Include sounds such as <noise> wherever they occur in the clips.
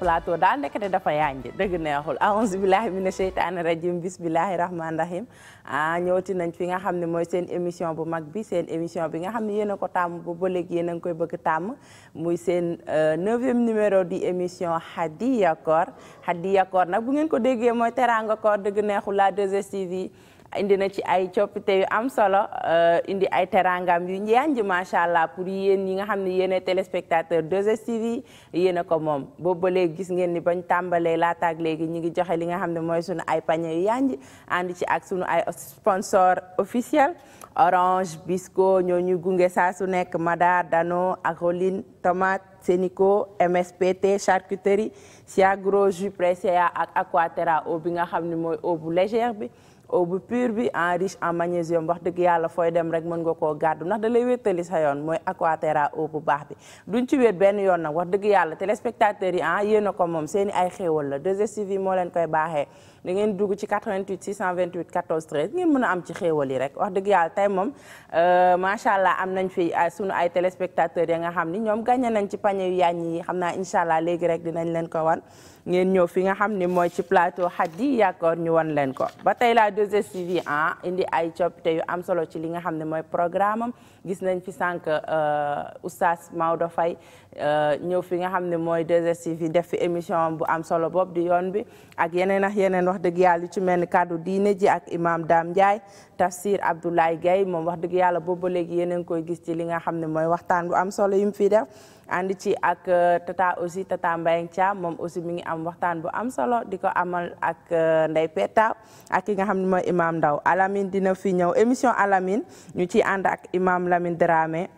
plateau daal ndekete dafa yànj dëgg neexul aouzu billahi mina sheytaani rajim bismillahi rahmaani rahim ah ñëwati nañ fi nga xam ne mooy seen émission bu mag bi seen émission bi nga xam ne yéen a ko tàmm ba ba léegi yéen a koy bëgg tàmm muy seen euh, neuvième numéro di émission Hadiya Koor Hadiya Koor nag bu ngeen ko déggee mooy teraanga koor dëgg neexul la 2STV indi na ci ay coppite yu am solo euh, indi ay terangam yu njanj macha allah pour yéen yi nga xam ne yéen ay téléspectateur 2STV yéen a ko moom boobu ba léegi gis ngeen ni bañ tàmbalee la laataak léegi ñu ngi joxe li nga xam ne mooy sunu ay panier yu yanj ànd ci ak sunu ay sponsor officiel Orange Bisco ñoo ñuy gunge saa su nekk Madar Dano Agroline Tomate Senico MSPT charcuterie Sia Gros jus pressé ak Aquaterra eau bi nga xam ni mooy eau légère bi eau bu pure bi en riche en magnésium wax dëgg yàlla fooy dem rek mën nga koo gàddu ndax da lay wéttali sa yoon mooy Aquaterra eau bu baax bi duñ ci benn yoon nag wax dëgg yàlla téléspectateurs yi ah yéen a ko moom seen ay xéewal la 2STV moo leen koy baaxee da ngeen dugg ci 88 628 14 13 ngeen mën a am ci xéewal yi rek wax dëgg yàlla tey moom euh, macha allah am nañ fi euh, sunu ay téléspectateurs ya nga xam ni ñoom gagné nañ ci pañe yu yàññ yi xam naa incha allah léegi rek dinañ leen ko wan. ngeen ñëw fi nga xam ne mooy ci plateau Hady Yaakor ñu wan leen ko ba tey la 2STV ah indi ay coppite yu am solo ci li nga xam ne mooy programme am gis nañ fi sànq euh, oustaz Maodo Faye euh, ñëw fi nga xam ne mooy 2STV def fi émission bu am solo boobu di yoon bi ak yeneen ak yeneen wax dëgg yàlla ci mel ni kàddu diine ji ak imam Dame Ndiaye Tafsir Abdoulaye Gaye moom wax dëgg yàlla boobu ba léegi yeneen koy gis ci li nga xam ne mooy waxtaan bu am solo yi mu fi def ànd ci ak euh, tata aussi tata Mbayang Tia moom aussi mi ngi am waxtaan bu am solo di ko amal ak euh, Ndeye Peta ak ki nga xam ne mooy imam Ndaw Alamine dina fi ñëw émission Alamine ñu ciy ànd ak imam Lamine Dramé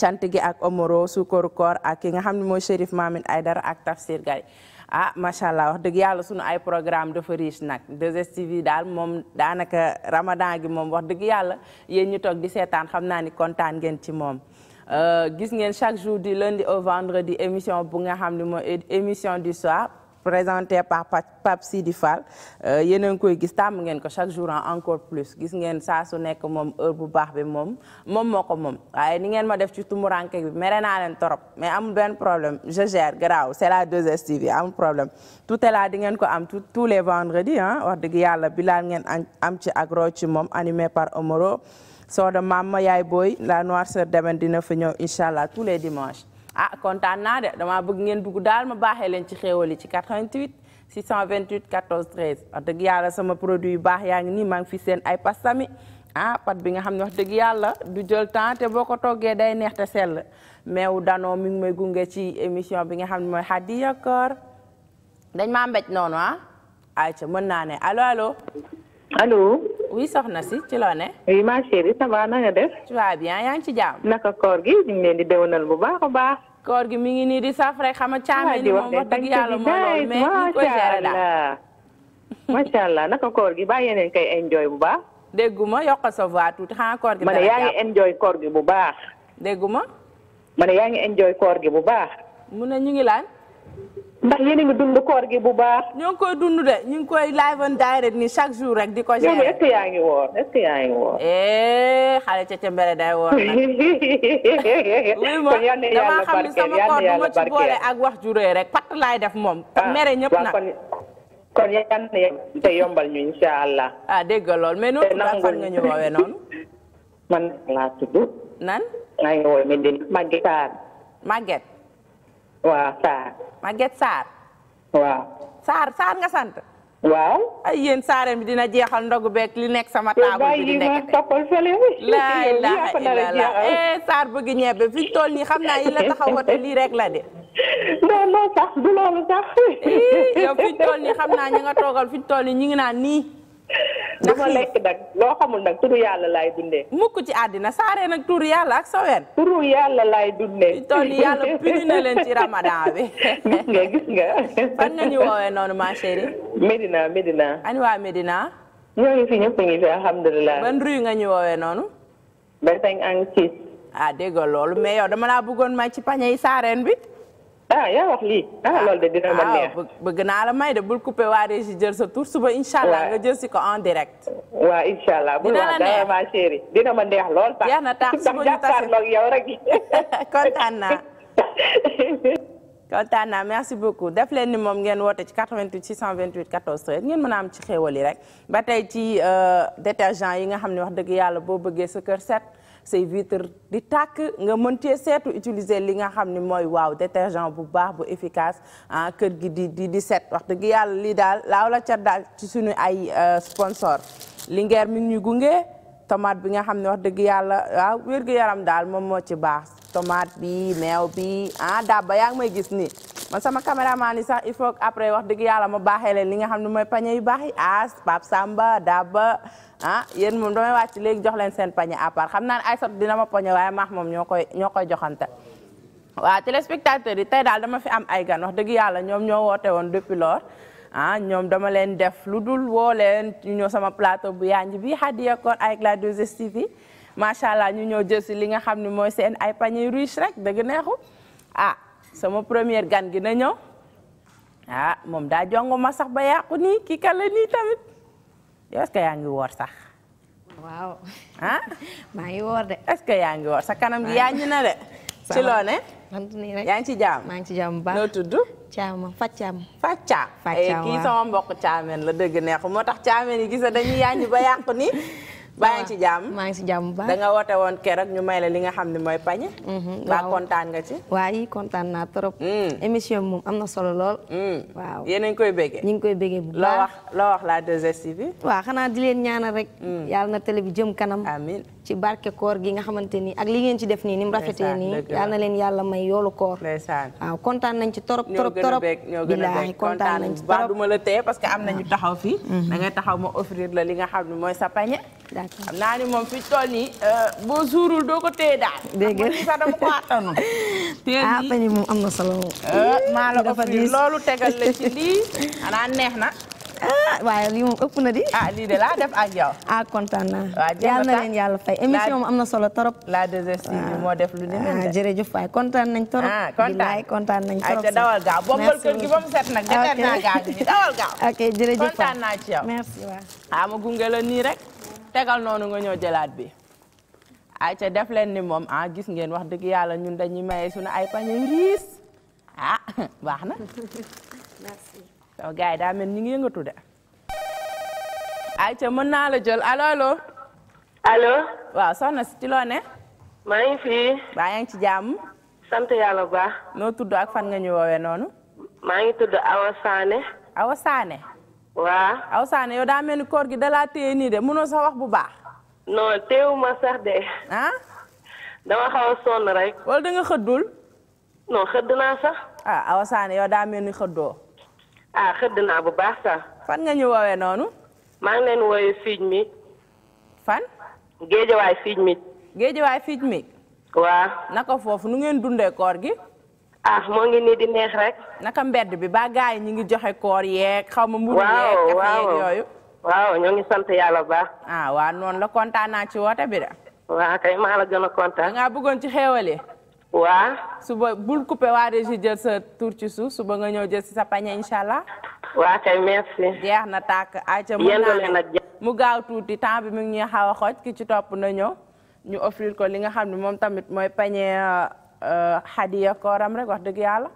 cant gi ak Omoro Sukoru Koor ak ki nga xam ne mooy Chérif ay dara ak Tafsir Gaye ah macha allah wax dëgg yàlla sunu ay programme dafa riche nag 2STV daal moom daanaka ramadan gi moom wax dëgg yàlla yéen ñu toog di seetaan xam naa ni kontaan ngeen ci moom. Euh, gis ngeen chaque jour du lundi au vendredi émission bu nga xam ne mooy émission du soir présenté par Pape Sidi Fall euh, yéen a ngi koy gis tàmm ngeen ko chaque jour encore plus gis ngeen saa su nekk moom heure bu baax bi moom moom moo ko moom waaye ni ngeen ma def ci tumuranke bi mere naa leen torop mais amul benn problème je gère garaaw c'est la 2STV amul problème tout est di ngeen ko am tous les vendredis ah wax dëgg yàlla bilaal ngeen am ci agro ci moom animé par Omoro soo maam Mama Yaay Boy la noirceur demen dina fa ñëw incha allah tous les dimanches ah kontaan naa de damaa bëgg ngeen dugg daal ma baaxee leen ci xéewal yi ci 88 628 14 13 wax dëgg yàlla sama produit yu baax yaa ngi nii maa ngi fi seen ay pastami ah pat bi nga xam ne wax dëgg yàlla du jël temps te boo ko toggee day neex te sell meew danoo mi ngi may gunge ci émission bi nga xam ne mooy Hadiya Koor dañ maa mbéj noonu ah mën naa ne allo allo. oui soxna si ci loo ne. oui ma chérie ça va na nga def. tu vas bien yaa ngi ci jàmm. naka koor gi ñu ngi leen di déwénal bu baax a baax. koor gi mi ngi nii di saf rek xam nga caamee ni moom wax dëgg yàlla moo lool mais ñu allah naka koor gi bàyyi leen kay enjoy bu baax. dégguma yokk sa voix tuuti xanaa koor gi. dara jàpp yaa ngi enjoy koor gi bu baax. dégguma. ma ne yaa ngi enjoy koor gi bu baax. mu ne ñu ngi laan. ndax yéen a ngi dund koor gi bu baax. ñoo ngi koy dund de ñu ngi koy live on direct nii chaque jour rek di ko. gérer yow yaa ngi woor est-ce que yaa eh, ca ca mbere day woor nag. wuy <laughs> ma damaa xam sama koor du ma boole ak wax juree rek pat laay def moom. Ah, mere ñëpp nag kon yan te yombal ñu incha allah. ah dégg lool mais noonu tudd fan nga ñu woowee noonu. <laughs> laa tudd. nan. maa waaw Sarr. Maguette Sarr. waaw. Sarr Sarr nga sant. waaw. ay yéen saareen bi dina jeexal ndogu beeg li nekk sama taabu bi di nekk laay laay Sarr bëgg ñebe fi ñu toll nii xam naa yi la taxaw lii rek la de. non sax du loolu sax. yow toll nii xam naa ñi nga toogal fi ñu toll nii ñu ngi naan nii. du ma lekk nag loo xamul nag turu yàlla laay dundee. mukk ci àddina saaree nag turu yàlla ak saween. turu yàlla laay dundee. tool yàlla pini na leen ci ramadan bi. <laughs> gis nga gis nga. fan nga ñu woowee noonu ma chérie. Medina Medina. ani waa Medina. ñoo ngi fi ñëpp alhamdulilah. ban ruy nga ñu woowee noonu. Beteng ang Ciss. ah dégg loolu mais yow dama laa bëggoon may ci pañe bi. ah ya wax lii ah, ah loolu de dina ma ah, neex. bëgg naa la may de bul coupé waa Régis jël sa tour suba incha allah nga jël si ko en direct. waa incha allah bul wax dara ma chérie dina ma neex lool. yaa na tax suba ñu tase ndax yow rek. <laughs> kontaan naa <laughs> kontaan naa merci beaucoup def leen ni moom ngeen woote ci 88 628 14 13 ngeen mën a am ci xéewal yi rek ba tey ci euh, détergent yi nga xam ne wax dëgg yàlla boo bëggee sa kër set. say vitre di tàkk nga mën cee seetu utiliser li nga xam ni mooy waaw détergent bu baax bu efficace ah kër gi di di di set wax dëgg yàlla lii daal laaw la ca daal ci suñu ay euh, sponsor Linguère mi ngi ñuy gunge tomate bi nga xam ne wax dëgg yàlla waaw wér yaram daal moom moo ci baax tomate bi meew bi ah dabba yaa ngi may gis nii man sama caméraman yi sax il faut après wax dëgg yàlla ma baaxee leen li nga xam ne mooy pañe yu baax yi As Pape Samba Daba ah yéen moom damay wàcc léegi jox leen seen pañe à part xam naa ne ay sot dina ma poñe waaye maax moom ñoo koy ñoo koy joxante waaw téléspectateurs yi tey daal dama fi am ay gan wax dëgg yàlla ñoom ñoo woote woon depuis lors ah ñoom dama leen def lu dul woo leen ñu ñëw sama plateau bu yaanj bii Hadia Kone avec la 2STV macha allah ñu ñëw jël si li nga xam ne mooy seen ay pañe riche rek dëgg neexu ah sama première gan gi na ñëw ah moom daa jongo ma sax ba yàqu nii kii kan la nii tamit yow est-ce que yaa ngi woor sax. waaw. ah <laughs> maa ngi woor de. est-ce que yaa ngi woor sa kanam gi yaa ñu na de. ci loo ne. yaa ngi ci jaam maa ngi ci jaam bu baax noo tudd. caama faccaam. faccaam. faccaam eh, waaw kii sama mbokk caamen la dëgg neexu moo tax caamen yi gis dañuy yaañu ba yàqu nii. <laughs> baa ngi ci jàmm maa ngi ci jàmm bu baax da nga woote woon keroog ñu may la li nga xam ne mooy pañe. baa mhm, kontaan nga ci. waaye kontaan naa trop. Mm. émission bi moom am na solo lool. Mm. waaw yéen a ngi koy béggee. ñu ngi koy béggee bu baax loo wax loo wax la 2STV. waaw xanaa di leen ñaanal rek. Mm. yàlla na télé bi jëm kanam. amiin ci barke koor gi nga xamante ni ak li ngeen ci def nii ni mu rafetee nii. yàlla na leen yàlla may yoolu koor. ndeysaan waaw kontaan nañ ci trop trop trop. ñoo gën a béy kontaan nañ ci trop. du ma la téye parce que am na ñu taxaw fii. Mhm. da ngay taxaw ma offrir la li nga xam ne mooy sa pañe d'accord xam naa ni moom fi toll euh, boo suurul doo ko téye daal. dégg nga sax dama ko attanu. téye ah, moom am na solo. Euh, maa la ko fi loolu tegal la ci <laughs> lii. xanaa neex na. Ah, waaye lii moom ëpp na di. ah lii de laa def ak yow. ah kontaan naa. waaw yal na yàlla fay émission am na solo trop. la 2STV ah. moo def lu ni mel waay kontaan nañ trop. ah kontaan kontaan nañ trop. ayca dawal gaaw bombal kër gi ba set nag. ok defar naa gaaw gi dawal gaaw. <laughs> ok jërëjëf waay kontaan naa ci yow. merci waay. ah ma gunge nii rek. tegal noonu nga ñëw jëlaat bi ay ca def leen ni moom ah gis ngeen wax dëgg yàlla ñun dañuy maye suñu ay pañe riis ah <laughs> baax na <laughs> merci sama gars yi daa mel ñu ngi yëngatu de ay ca mën naa la jël allo alo allo waaw soxna si ci loo ne maa ngi fi baa yaa ngi ci jàmm sant yàlla bu baax noo tudd ak fan nga ñu woowee noonu maa ngi tudd Awa Sané waaw aw Sane yow daa mel ni koor gi dalaa téye nii de mënoo sa wax bu baax. non téewuma sax de. ah. dama xaw sonn rek. wala da xëddul. non xëdd naa sax. ah aw Sane yow daa mel ni xëddoo. ah xëdd naa bu baax sax. fan nga ñu woowee noonu. maa ngi leen woowee fiij mi. fan. géejawaay fiij mi. géejawaay fiij mi. waaw. naka foofu nu ngeen dundee koor gi. ah moo ngi nii di neex rek. naka mbedd bi ba gaa yi ñu ngi joxe koor yeeg. xaw ma mburu yeeg yooyu. waaw ñoo ngi sant yàlla bu baax. ah waa noonu la kontaan naa ci woote bi da waaw kay maa gën a kontaan. nga bëggoon ci xéewale. waaw. suba bul coupé waa Régis jël sa tur ci suuf suba nga ñëw jël si sa pañe incha allah. waaw kay merci. jeex na tàkk ayca mu mu gaaw tuuti temps mu ngi ñuy xaw a xooj ki ci topp na ñëw ñu offrir ko li nga xam ne moom tamit mooy pañe. xadiya euh, kooram rek wax dëgg yàlla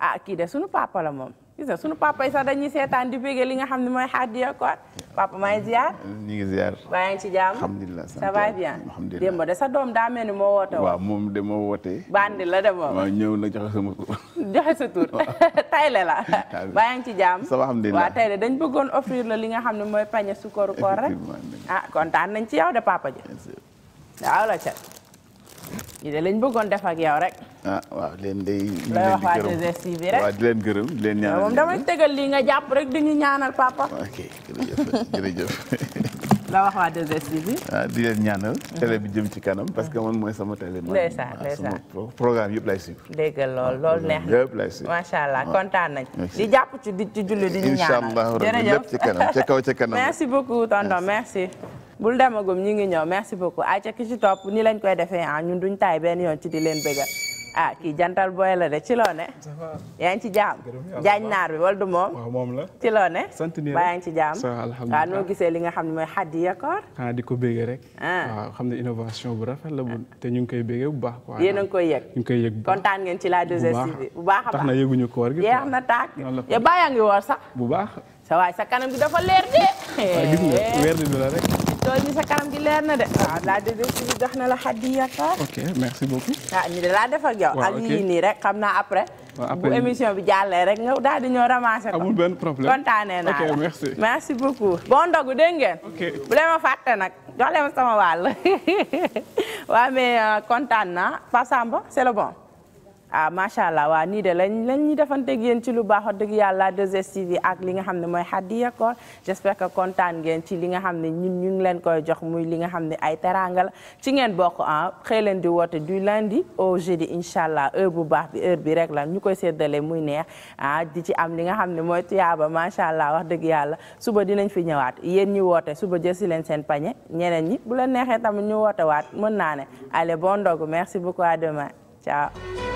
ah kii de sunu papa la moom sunu papa yi sax dañuy seetaan di béggee li nga xam ne mooy xadiya koor papa maa ngi ziar. ñu ngi ziar. maa ngi ci jàmm alhamdulilah ça va bien. sa doom daa mel ni moo woote. waaw moom de moo woote. la de <laughs> sa tur <laughs> la. maa ngi ci jàmm. ça va alhamdulilah dañ bëggoon offrir li nga xam ne mooy pañe sukkaru koor rek. ah kontaan nañ ci yow de papa ji. waaw la ca. ñu de lañ bëggoon def ak yow rek. ah waaw leen day. ñu leen di gërëm rek waaw di leen gërëm di leen ñaanal moom damay tegal lii nga jàpp rek di ñu ñaanal papa. ok <laughs> la wax waa 2 ah, di leen ñaanal. Mhm. télé bi jëm ci kanam parce que man mooy sama télé. ndeysaan ah, ndeysaan sama programme yëpp lay suivre. dégg loolu ah, loolu neex na yëpp allah kontaan nañ di jàpp ci di ci julli di ñu ñaanal. incha ci kanam ca kaw ca kanam. <laughs> merci beaucoup tonton merci. bul demagum ñi ngi ñëw merci beaucoup ayca ki ci topp ni lañ koy defee ah ñun duñ taay benn yoon ci di leen bëgga ah kii jantal booy la de ci loo ne. yaa ngi ci jaam jaañ naar bi wala du moom. la ci loo ne. sant nañu la yaa ngi ci jaam. alhamdulilah waaw noo gisee li nga xam ne mooy hadiya koor. ah di ko béggee rek. Ah. waaw xam ne innovation bu rafet la bu ah. te ñu ngi koy béggee bu baax. waaw yéen a ngi koy ñu ngi ko yëg bu baax kontaan ngeen ci la 2STV. bu baax a baax tax na yëguñu koor gi. yeex na taak yow baa yaa ngi woor sax. bu baax. sa waay eh. sa kanam gi dafa leer de. waaw ah, gis nga tool bi sa kanam gi leer de. waaw laa de si bi jox la xadiyaka. ok merci beaucoup. ah ñu de laa def ak yow. nii rek xam naa après. bu émission bi jàllee rek nga daal di ñëw ramasser ko. amul benn la merci. merci bon ndogu dégg ngeen. bu nag jox leen sama wàll. <laughs> waaw mais euh, kontaan naa Pape Samba c'est le bon. ah macha allah waa nii de lañ lañ ñu defanteeg yéen ci lu baax wax dëgg yàlla 2STV ak li nga xam ne mooy hadiya koor j'espère que kontaan ngeen ci li nga xam ne ñun ñu ngi leen koy jox muy li nga xam ne ay teranga ci ngeen bokk ah xëy leen di woote du lundi au jeudi incha allah bu baax bi heure bi rek la ñu koy séddale muy neex ah di ci am li nga xam ne mooy tuyaaba macha allah wax dëgg yàlla suba dinañ fi ñëwaat yéen ñi woote suba jësi leen seen pañe ñeneen ñi bu la neexee tamit ñu woote mën naa ne allez bon ndogu merci beaucoup à demain ciao